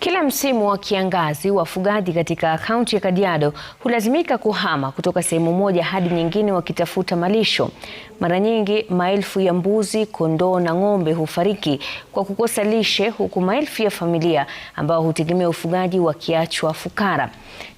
Kila msimu wa kiangazi wafugaji katika kaunti ya Kajiado hulazimika kuhama kutoka sehemu moja hadi nyingine wakitafuta malisho. Mara nyingi maelfu ya mbuzi, kondoo na ng'ombe hufariki kwa kukosa lishe, huku maelfu ya familia ambao hutegemea ufugaji wakiachwa fukara.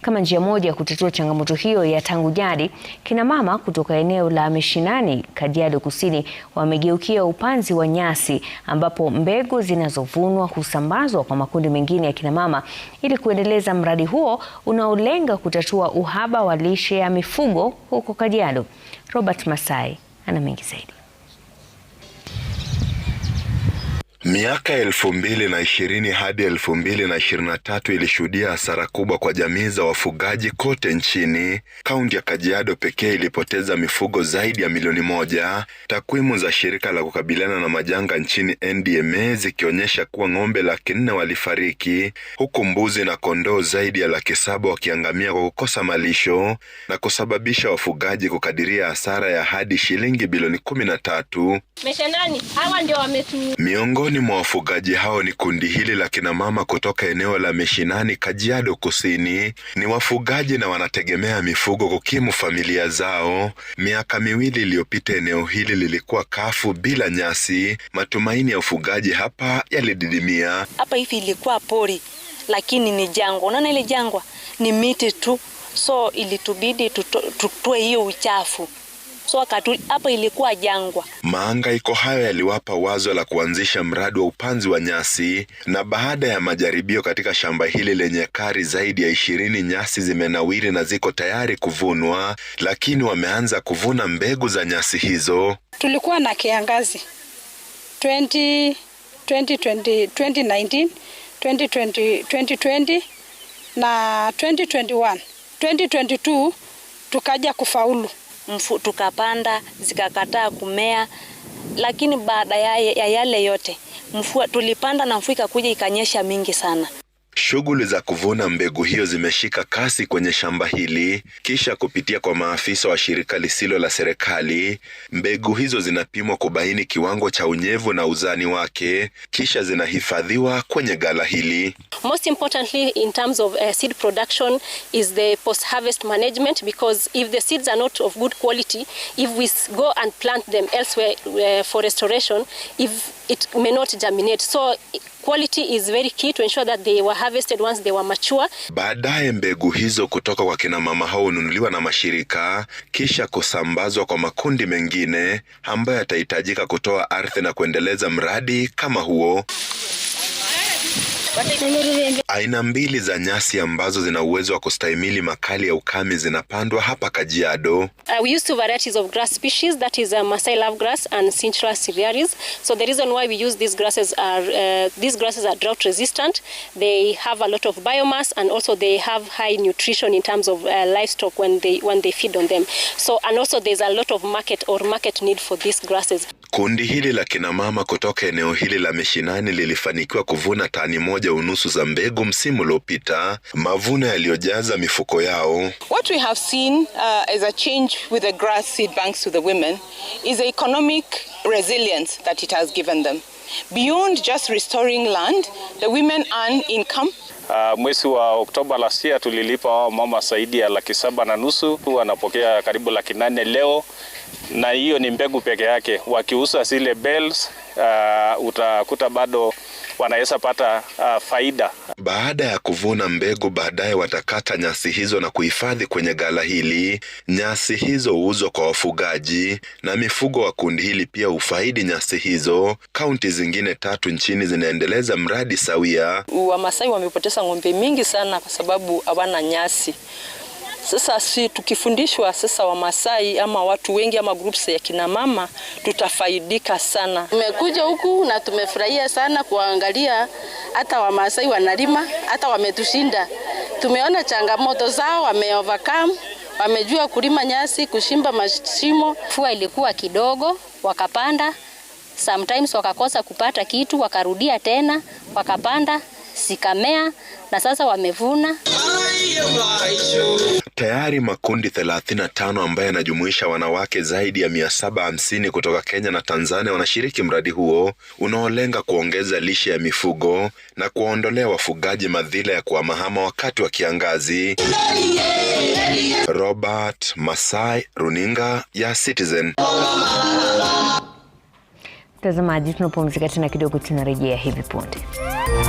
Kama njia moja ya kutatua changamoto hiyo ya tangu jadi, kina mama kutoka eneo la mishinani Kajiado Kusini, wamegeukia upanzi wa nyasi ambapo mbegu zinazovunwa husambazwa kwa makundi mengine ya kinamama ili kuendeleza mradi huo unaolenga kutatua uhaba wa lishe ya mifugo huko Kajiado. Robert Masai ana mengi zaidi. Miaka elfu mbili na ishirini hadi elfu mbili na ishirini na tatu ilishuhudia hasara kubwa kwa jamii za wafugaji kote nchini. Kaunti ya Kajiado pekee ilipoteza mifugo zaidi ya milioni moja, takwimu za shirika la kukabiliana na majanga nchini NDMA zikionyesha kuwa ng'ombe laki nne walifariki, huku mbuzi na kondoo zaidi ya laki saba wakiangamia kwa kukosa malisho na kusababisha wafugaji kukadiria hasara ya hadi shilingi bilioni kumi na tatu. Miongoni Miongoni mwa wafugaji hao ni kundi hili la kina mama kutoka eneo la Meshinani, Kajiado Kusini. Ni wafugaji na wanategemea mifugo kukimu familia zao. Miaka miwili iliyopita, eneo hili lilikuwa kafu bila nyasi. Matumaini ya ufugaji hapa yalididimia. Hapa hivi ilikuwa pori, lakini ni jangwa. Unaona ile jangwa ni miti tu, so ilitubidi tutue hiyo uchafu soka tu, hapa ilikuwa jangwa. Mahangaiko hayo yaliwapa wazo la kuanzisha mradi wa upanzi wa nyasi, na baada ya majaribio katika shamba hili lenye kari zaidi ya ishirini, nyasi zimenawiri na ziko tayari kuvunwa, lakini wameanza kuvuna mbegu za nyasi hizo. Tulikuwa na kiangazi 20, 2020, 2019, 2020, 2020 na 2021. 2022 tukaja kufaulu mfu, tukapanda zikakataa kumea, lakini baada ya, ya yale yote mfua tulipanda na mfua ikakuja ikanyesha mingi sana. Shughuli za kuvuna mbegu hiyo zimeshika kasi kwenye shamba hili, kisha kupitia kwa maafisa wa shirika lisilo la serikali, mbegu hizo zinapimwa kubaini kiwango cha unyevu na uzani wake, kisha zinahifadhiwa kwenye gala hili. Most importantly in terms of uh, seed production is the post harvest management because if the seeds are not of good quality, if we go and plant them elsewhere uh, for restoration, if it may not germinate. So quality is very key to ensure that they were harvested once they were mature. Baadaye mbegu hizo kutoka kwa kina mama hao hununuliwa na mashirika kisha kusambazwa kwa makundi mengine ambayo yatahitajika kutoa ardhi na kuendeleza mradi kama huo. Aina mbili za nyasi ambazo zina uwezo wa kustahimili makali ya ukame zinapandwa hapa Kajiado. Uh, we use two varieties of grass species that is uh, love grass and cerealis. So the reason why we use these grasses are uh, these grasses are drought resistant. They have a lot of biomass and also they have high nutrition in terms of uh, livestock when they when they feed on them. So and also there's a lot of market or market need for these grasses. Kundi hili la kina mama kutoka eneo hili la mishinani lilifanikiwa kuvuna tani moja unusu za mbegu msimu uliopita, mavuno yaliyojaza mifuko yao. What we have seen uh, as a change with the grass seed banks to the women is economic resilience that it has given them. Beyond just restoring land, the women earn income Uh, mwezi wa Oktoba last year tulilipa wao mama zaidi ya laki saba na nusu, wanapokea karibu laki nane leo, na hiyo ni mbegu peke yake. Wakiuza zile bells, uh, utakuta bado wanaweza pata uh, faida. Baada ya kuvuna mbegu, baadaye watakata nyasi hizo na kuhifadhi kwenye ghala hili. Nyasi hizo huuzwa kwa wafugaji na mifugo wa kundi hili pia hufaidi nyasi hizo. Kaunti zingine tatu nchini zinaendeleza mradi sawia. Wamasai wamepoteza ng'ombe mingi sana kwa sababu hawana nyasi. Sasa si tukifundishwa sasa, Wamasai ama watu wengi ama groups ya kinamama tutafaidika sana. Tumekuja huku na tumefurahia sana kuangalia, hata Wamasai wanalima, hata wametushinda. Tumeona changamoto zao, overcome, wamejua kulima nyasi, kushimba mashimo. Mvua ilikuwa kidogo, wakapanda sometimes wakakosa kupata kitu, wakarudia tena wakapanda, sikamea na sasa wamevuna. Tayari makundi 35 ambayo yanajumuisha wanawake zaidi ya 750 kutoka Kenya na Tanzania wanashiriki mradi huo unaolenga kuongeza lishe ya mifugo na kuwaondolea wafugaji madhila ya kuhamahama wakati wa kiangazi. Robert Masai, Runinga ya Citizen. Mtazamaji, tunapumzika tena kidogo, tunarejea hivi punde.